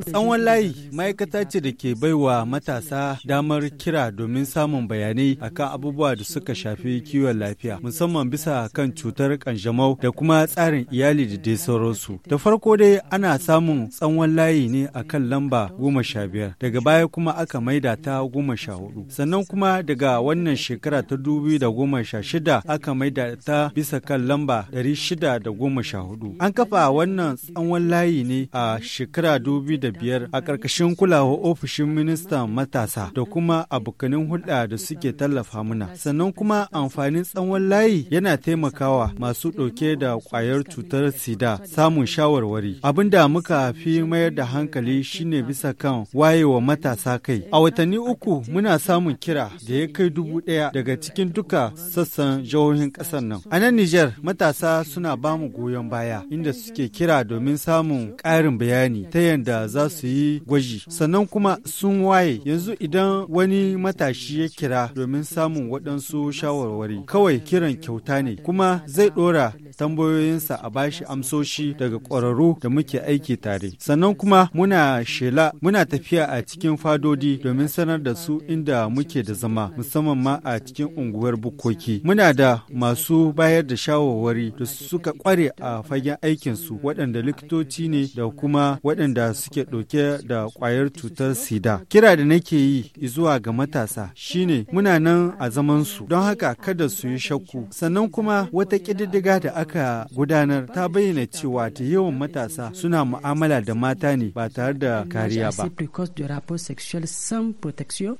Tsawon layi ma'aikata ce da ke baiwa matasa damar kira domin samun bayanai akan abubuwa da suka shafi kiwon lafiya musamman bisa kan cutar kanjamau da kuma tsarin iyali da dai sauransu. Da farko dai ana samun tsawon layi ne akan lamba goma sha biyar daga baya kuma aka maida ta goma sha hudu. Sannan kuma daga wannan shekara ta dubu da goma sha shida aka maida ta bisa kan lamba dari shida da goma sha hudu. An kafa wannan tsawon layi layi ne a shekara da biyar a ƙarƙashin kulawa ofishin ministan matasa da kuma abokanin hulɗa da suke tallafa muna. Sannan kuma amfanin tsawon layi yana taimakawa masu ɗauke da ƙwayar cutar sida samun shawarwari. Abin da muka fi mayar da hankali shine bisa kan wayewa matasa kai. A watanni uku muna samun kira da ya kai dubu ɗaya daga cikin duka sassan jihohin ƙasar nan. A nan Nijar matasa suna bamu goyon baya inda suke kira domin samun ƙarin bayani ta yadda za su yi gwaji sannan kuma sun waye yanzu idan wani matashi ya kira domin samun waɗansu shawarwari kawai kiran kyauta ne kuma zai ɗora tambayoyinsa a bashi amsoshi daga ƙwararru da muke aiki tare. Sannan kuma muna shela muna tafiya a cikin fadodi domin sanar da su inda muke da zama musamman ma a cikin unguwar bukoki. Muna da masu bayar da shawarwari da suka kware a fagen aikinsu waɗanda likitoci ne da kuma waɗanda suke ɗauke da ƙwayar cutar sida. Kira da nake yi zuwa ga matasa shine muna nan a su, don haka kada su yi shakku sannan kuma wata ƙididdiga da aka aka gudanar ta bayyana cewa ta yawan matasa suna mu'amala da mata ne ba tare da kariya ba.